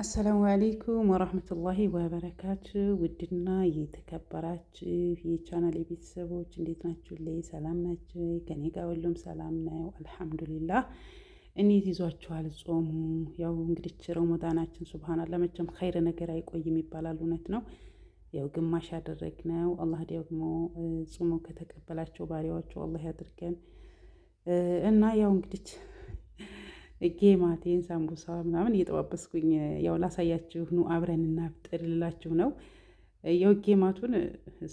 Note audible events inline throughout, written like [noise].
አሰላሙ አሌይኩም ወራህመቱላሂ ወበረካቱ። ውድና የተከበራችሁ የቻናል የቤተሰቦች እንዴት ናችሁ? ላይ ሰላም ናችሁ? ከኔ ጋር ሁሉም ሰላም ነው አልሐምዱሊላህ። እንዴት ይዟችኋል ጾሙ? ያው እንግዲህ ረመዳናችን ሱብሃናላ መቼም ኸይር ነገር አይቆይም ይባላል፣ እውነት ነው። ያው ግማሽ ያደረግነው አላህ ደግሞ ጾሙ ከተቀበላቸው ባሪያዎቹ አላህ ያድርገን እና ያው እንግዲህ ጌማቴን ሳምቡሳ ምናምን እየጠባበስኩኝ ያው ላሳያችሁ ኑ አብረን እናፍጥር ልላችሁ ነው። ያው ጌማቱን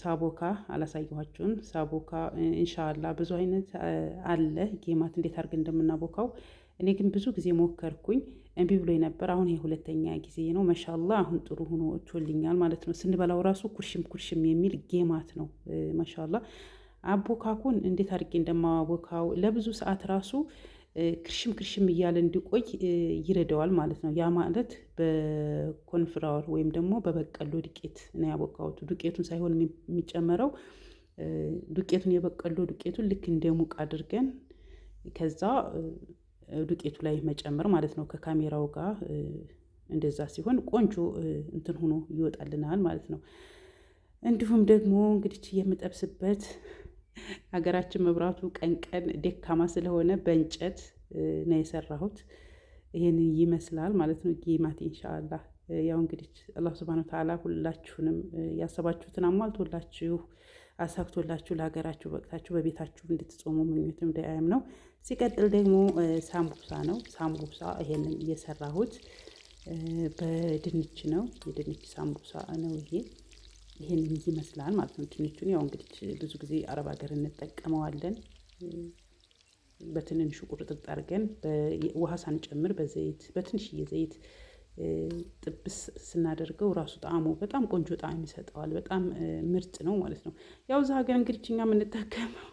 ሳቦካ አላሳየኋችሁም። ሳቦካ እንሻላ ብዙ አይነት አለ ጌማት እንዴት አድርገን እንደምናቦካው። እኔ ግን ብዙ ጊዜ ሞከርኩኝ እምቢ ብሎ ነበር። አሁን ሁለተኛ ጊዜ ነው። መሻላ አሁን ጥሩ ሆኖ ቾልኛል ማለት ነው። ስንበላው ራሱ ኩርሽም ኩርሽም የሚል ጌማት ነው መሻላ። አቦካኩን እንዴት አድርጌ እንደማቦካው ለብዙ ሰዓት ራሱ ክርሽም ክርሽም እያለ እንዲቆይ ይረዳዋል ማለት ነው። ያ ማለት በኮንፍራወር ወይም ደግሞ በበቀሎ ዱቄት ነው ያቦካሁት። ዱቄቱን ሳይሆን የሚጨመረው ዱቄቱን የበቀሎ ዱቄቱን ልክ እንደ ሙቅ አድርገን ከዛ ዱቄቱ ላይ መጨመር ማለት ነው። ከካሜራው ጋር እንደዛ ሲሆን ቆንጆ እንትን ሆኖ ይወጣልናል ማለት ነው። እንዲሁም ደግሞ እንግዲህ የምጠብስበት ሀገራችን መብራቱ ቀን ቀን ደካማ ስለሆነ በእንጨት ነው የሰራሁት። ይህን ይመስላል ማለት ነው። ጌማት ኢንሻአላ ያው እንግዲህ አላህ ስብሃነ ወተዓላ ሁላችሁንም ያሰባችሁትን አሟልቶላችሁ አሳክቶላችሁ ለሀገራችሁ በቅታችሁ በቤታችሁ እንድትጾሙ ምኞትም ዳያም ነው። ሲቀጥል ደግሞ ሳምቡሳ ነው። ሳምቡሳ ይሄንን እየሰራሁት በድንች ነው። የድንች ሳምቡሳ ነው ይሄ ይህን ይመስላል ማለት ነው። ድንቹን ያው እንግዲህ ብዙ ጊዜ አረብ ሀገር እንጠቀመዋለን። በትንንሹ ቁርጥጥ አድርገን ውሃ ሳንጨምር በዘይት በትንሽዬ ዘይት ጥብስ ስናደርገው ራሱ ጣዕሙ በጣም ቆንጆ ጣዕም ይሰጠዋል። በጣም ምርጥ ነው ማለት ነው። ያው እዛ ሀገር እንግዲህ እኛ የምንጠቀመው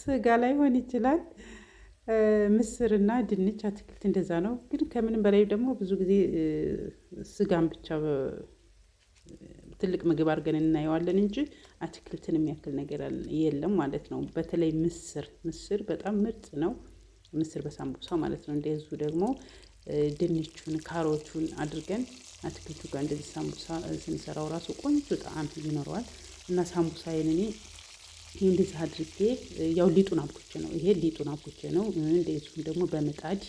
ስጋ ላይሆን ይችላል፣ ምስርና ድንች፣ አትክልት እንደዛ ነው። ግን ከምንም በላይ ደግሞ ብዙ ጊዜ ስጋን ብቻ ትልቅ ምግብ አድርገን እናየዋለን እንጂ አትክልትን የሚያክል ነገር የለም ማለት ነው። በተለይ ምስር ምስር በጣም ምርጥ ነው። ምስር በሳምቡሳ ማለት ነው። እንደዙ ደግሞ ድንቹን ካሮቹን አድርገን አትክልቱ ጋር እንደዚህ ሳምቡሳ ስንሰራው ራሱ ቆንጆ ጣዕም ይኖረዋል እና ሳምቡሳ የኔ እንደዚህ አድርጌ ያው ሊጡን አብኩቼ ነው። ይሄ ሊጡን አብኩቼ ነው። እንደዚሁም ደግሞ በምጣድ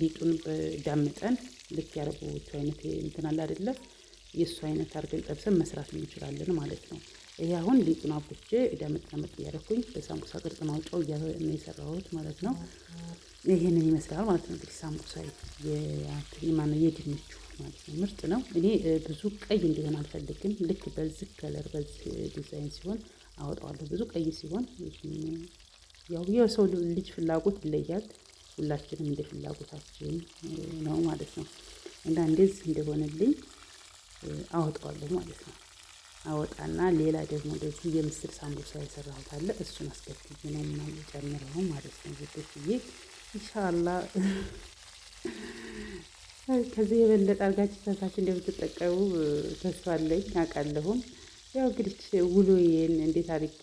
ሊጡን ዳምጠን ልክ ያረቦቹ አይነት እንትን አለ የእሱ አይነት አድርገን ጠብሰን መስራት እንችላለን ማለት ነው። ይህ አሁን ሊጡን አቡቼ ዳመጥ ዳመጥ እያደረኩኝ በሳምቡሳ ቅርጽ ማውጫው እያ የሰራሁት ማለት ነው። ይህንን ይመስላል ማለት ነው። እንግዲህ ሳምቡሳ የድንቹ ማለት ነው። ምርጥ ነው። እኔ ብዙ ቀይ እንዲሆን አልፈልግም። ልክ በዚህ ከለር በዚህ ዲዛይን ሲሆን አወጣዋለሁ። ብዙ ቀይ ሲሆን ያው የሰው ልጅ ፍላጎት ይለያል። ሁላችንም እንደ ፍላጎታችን ነው ማለት ነው እና እንደዚህ እንደሆነልኝ አወጣዋለሁ ማለት ነው። አወጣና ሌላ ደግሞ ደግሞ የምስር ሳምቡሳ የሰራሁት አለ። እሱን አስከትዬ ነው ምናምን ጨምረው ማለት ነው። ዝድፍዬ ኢንሻአላ [laughs] ከዚህ የበለጠ አርጋች ሰርታችሁ እንደምትጠቀሙ ተስፋ አለኝ አውቃለሁም። ያው እንግዲህ ውሎዬን እንዴት አድርጌ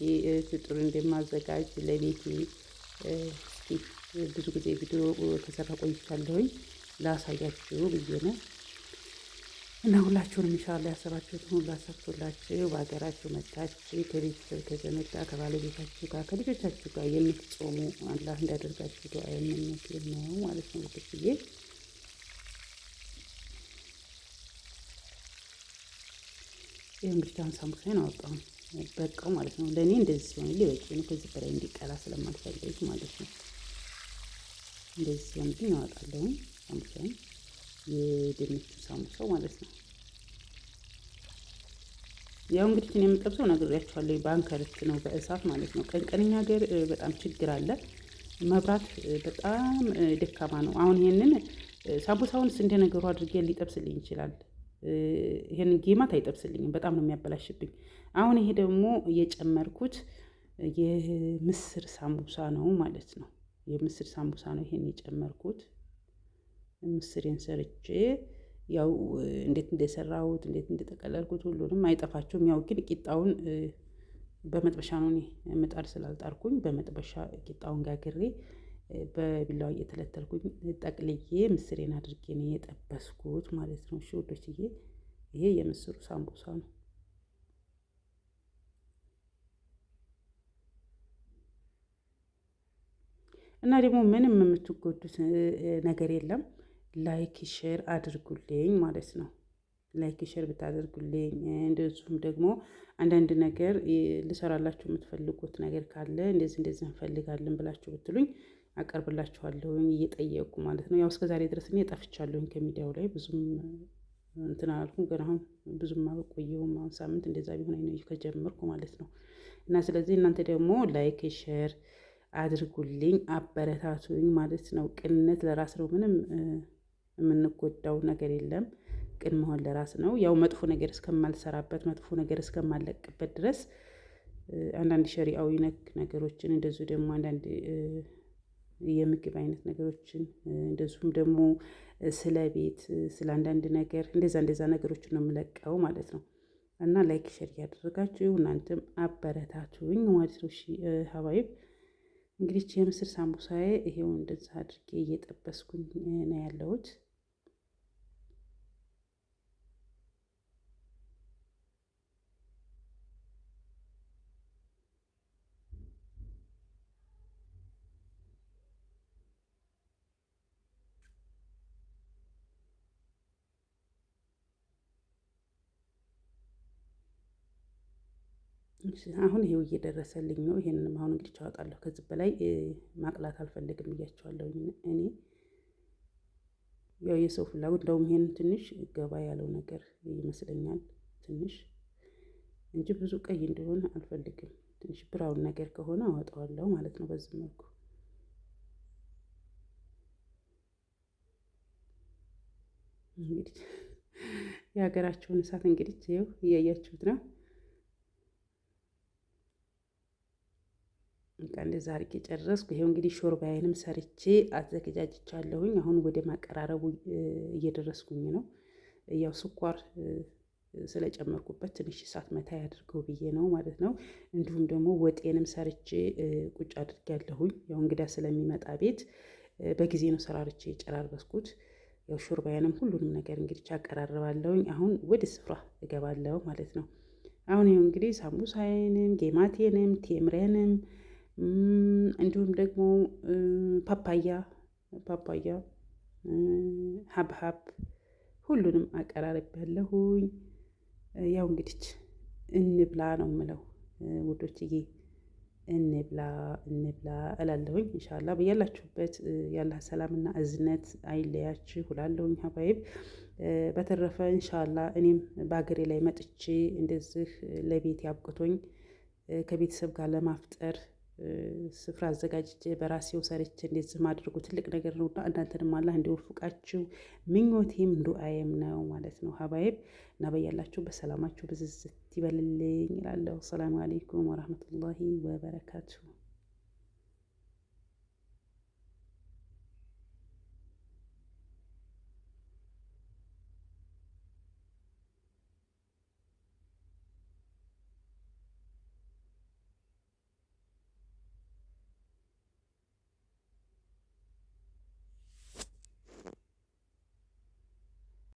ፍጡር እንደማዘጋጅ ለቤቴ እስኪ ብዙ ጊዜ ቪዲዮ ተሰራ ቆይቻለሁኝ ላሳያችሁ ብዬ ነው። እና ሁላችሁንም እንሻላ ያሰባችሁትን ሁሉ አሳክቶላችሁ በሀገራችሁ መታችሁ ከቤተሰብ ከዘመድ ጋር ከባለቤታችሁ ጋር ከልጆቻችሁ ጋር የምትጾሙ አላህ እንዳደርጋችሁ ዱዓ የምነት ነው ማለት ነው ብዬ ይህ እንግዲህ አሁን ሳምቡሳይን አወጣሁ በቃው ማለት ነው። ለእኔ እንደዚህ ሲሆን ሊወጪ ነው። ከዚህ በላይ እንዲቀላ ስለማልፈልግ ማለት ነው። እንደዚህ ሲሆን ግን አወጣለሁ ሳምቡሳይን የድንቹ ሳምቡሳ ማለት ነው። ያው እንግዲህ እኔ የምጠብሰው ነግሬያችኋለሁ። ባንክ ነው በእሳት ማለት ነው። ቀንቀንኛ ቀን ሀገር በጣም ችግር አለ። መብራት በጣም ደካማ ነው። አሁን ይሄንን ሳምቡሳውን እንደ ነገሩ አድርጌ ሊጠብስልኝ ይችላል። ይሄን ጌማት አይጠብስልኝም፣ በጣም ነው የሚያበላሽብኝ። አሁን ይሄ ደግሞ የጨመርኩት የምስር ሳምቡሳ ነው ማለት ነው። የምስር ሳምቡሳ ነው ይሄን የጨመርኩት ምስሬን ሰርቼ ያው እንዴት እንደሰራሁት እንዴት እንደጠቀለልኩት ሁሉንም አይጠፋቸውም። ያው ግን ቂጣውን በመጥበሻ ነው ምጣድ ስላልጣርኩኝ በመጥበሻ ቂጣውን ጋግሬ በቢላዋ እየተለተልኩኝ ጠቅልዬ ምስሬን አድርጌ ነው የጠበስኩት ማለት ነው። እሺ ውዶችዬ፣ ይሄ የምስሩ ሳምቡሳ ነው። እና ደግሞ ምንም የምትጎዱት ነገር የለም። ላይክ ሼር አድርጉልኝ ማለት ነው። ላይክ ሼር ብታደርጉልኝ እንደዚሁም ደግሞ አንዳንድ ነገር ልሰራላችሁ የምትፈልጉት ነገር ካለ እንደዚህ እንደዚህ እንፈልጋለን ብላችሁ ብትሉኝ አቀርብላችኋለሁኝ እየጠየቁ ማለት ነው። ያው እስከ ዛሬ ድረስ እኔ ጠፍቻለሁኝ ከሚዲያው ላይ ብዙም እንትን አላልኩም፣ ግን አሁን ብዙም አልቆየሁም። አሁን ሳምንት እንደዛ ቢሆን ነው ከጀመርኩ ማለት ነው። እና ስለዚህ እናንተ ደግሞ ላይክ ሼር አድርጉልኝ፣ አበረታቱኝ ማለት ነው። ቅንነት ለራስ ነው ምንም የምንጎዳው ነገር የለም። ቅን መሆን ለራስ ነው። ያው መጥፎ ነገር እስከማልሰራበት መጥፎ ነገር እስከማለቅበት ድረስ አንዳንድ ሸሪአዊ ነክ ነገሮችን እንደዚሁ ደግሞ አንዳንድ የምግብ አይነት ነገሮችን እንደዚሁም ደግሞ ስለ ቤት ስለ አንዳንድ ነገር እንደዛ እንደዛ ነገሮችን ነው የምለቀው ማለት ነው። እና ላይክ ሸር እያደረጋችሁ እናንተም አበረታቱኝ ማለት ነው። ሀባይብ እንግዲህ የምስር ሳምቡሳዬ ይሄው እንደዛ አድርጌ እየጠበስኩኝ ነው ያለሁት። አሁን ይሄው እየደረሰልኝ ነው። ይሄንንም አሁን እንግዲህ ቻወጣለሁ። ከዚህ በላይ ማቅላት አልፈልግም ብያቸዋለሁ። እኔ ያው የሰው ፍላጎት እንደውም ይሄን ትንሽ ገባ ያለው ነገር ይመስለኛል ትንሽ እንጂ ብዙ ቀይ እንደሆነ አልፈልግም። ትንሽ ብራውን ነገር ከሆነ አወጣዋለሁ ማለት ነው። በዚህ መልኩ እንግዲህ የሀገራቸውን እሳት እንግዲህ ይኸው እያያችሁት ነው። እንደዛ አድርጌ ጨረስኩ። ይሄው እንግዲህ ሾርባዬንም ሰርቼ አዘገጃጅቻለሁኝ። አሁን ወደ ማቀራረቡ እየደረስኩኝ ነው። ያው ስኳር ስለጨመርኩበት ትንሽ እሳት መታ ያድርገው ብዬ ነው ማለት ነው። እንዲሁም ደግሞ ወጤንም ሰርቼ ቁጭ አድርጌያለሁኝ። ያው እንግዳ ስለሚመጣ ቤት በጊዜ ነው ሰራርቼ የጨራረስኩት። ያው ሾርባዬንም ሁሉንም ነገር እንግዲህ አቀራርባለሁኝ። አሁን ወደ ስፍራ እገባለሁ ማለት ነው። አሁን ይኸው እንግዲህ ሳምቡሳዬንም ጌማቴንም ቴምሬንም እንዲሁም ደግሞ ፓፓያ ፓፓያ፣ ሀብሀብ ሁሉንም አቀራረብ ያለሁኝ ያው እንግዲች እንብላ ነው የምለው ውዶችዬ፣ እንብላ እንብላ እላለሁኝ። እንሻላ በያላችሁበት ያላህ ሰላምና እዝነት አይለያችሁ እላለሁኝ። ሀባይብ በተረፈ እንሻላ እኔም በሀገሬ ላይ መጥቼ እንደዚህ ለቤት ያብቅቶኝ ከቤተሰብ ጋር ለማፍጠር ስፍራ አዘጋጅቼ በራሴው ሰርቼ እንደዚህ ማድረጉ ትልቅ ነገር ነው። እናንተንም አላህ እንዲወፍቃችሁ ምኞቴም ዱአዬም ነው ማለት ነው። ሀባይብ እና በያላችሁ በሰላማችሁ ብዝዝት ይበልልኝ ይላለሁ። አሰላሙ አሌይኩም ወራህመቱላሂ ወበረካቱሁ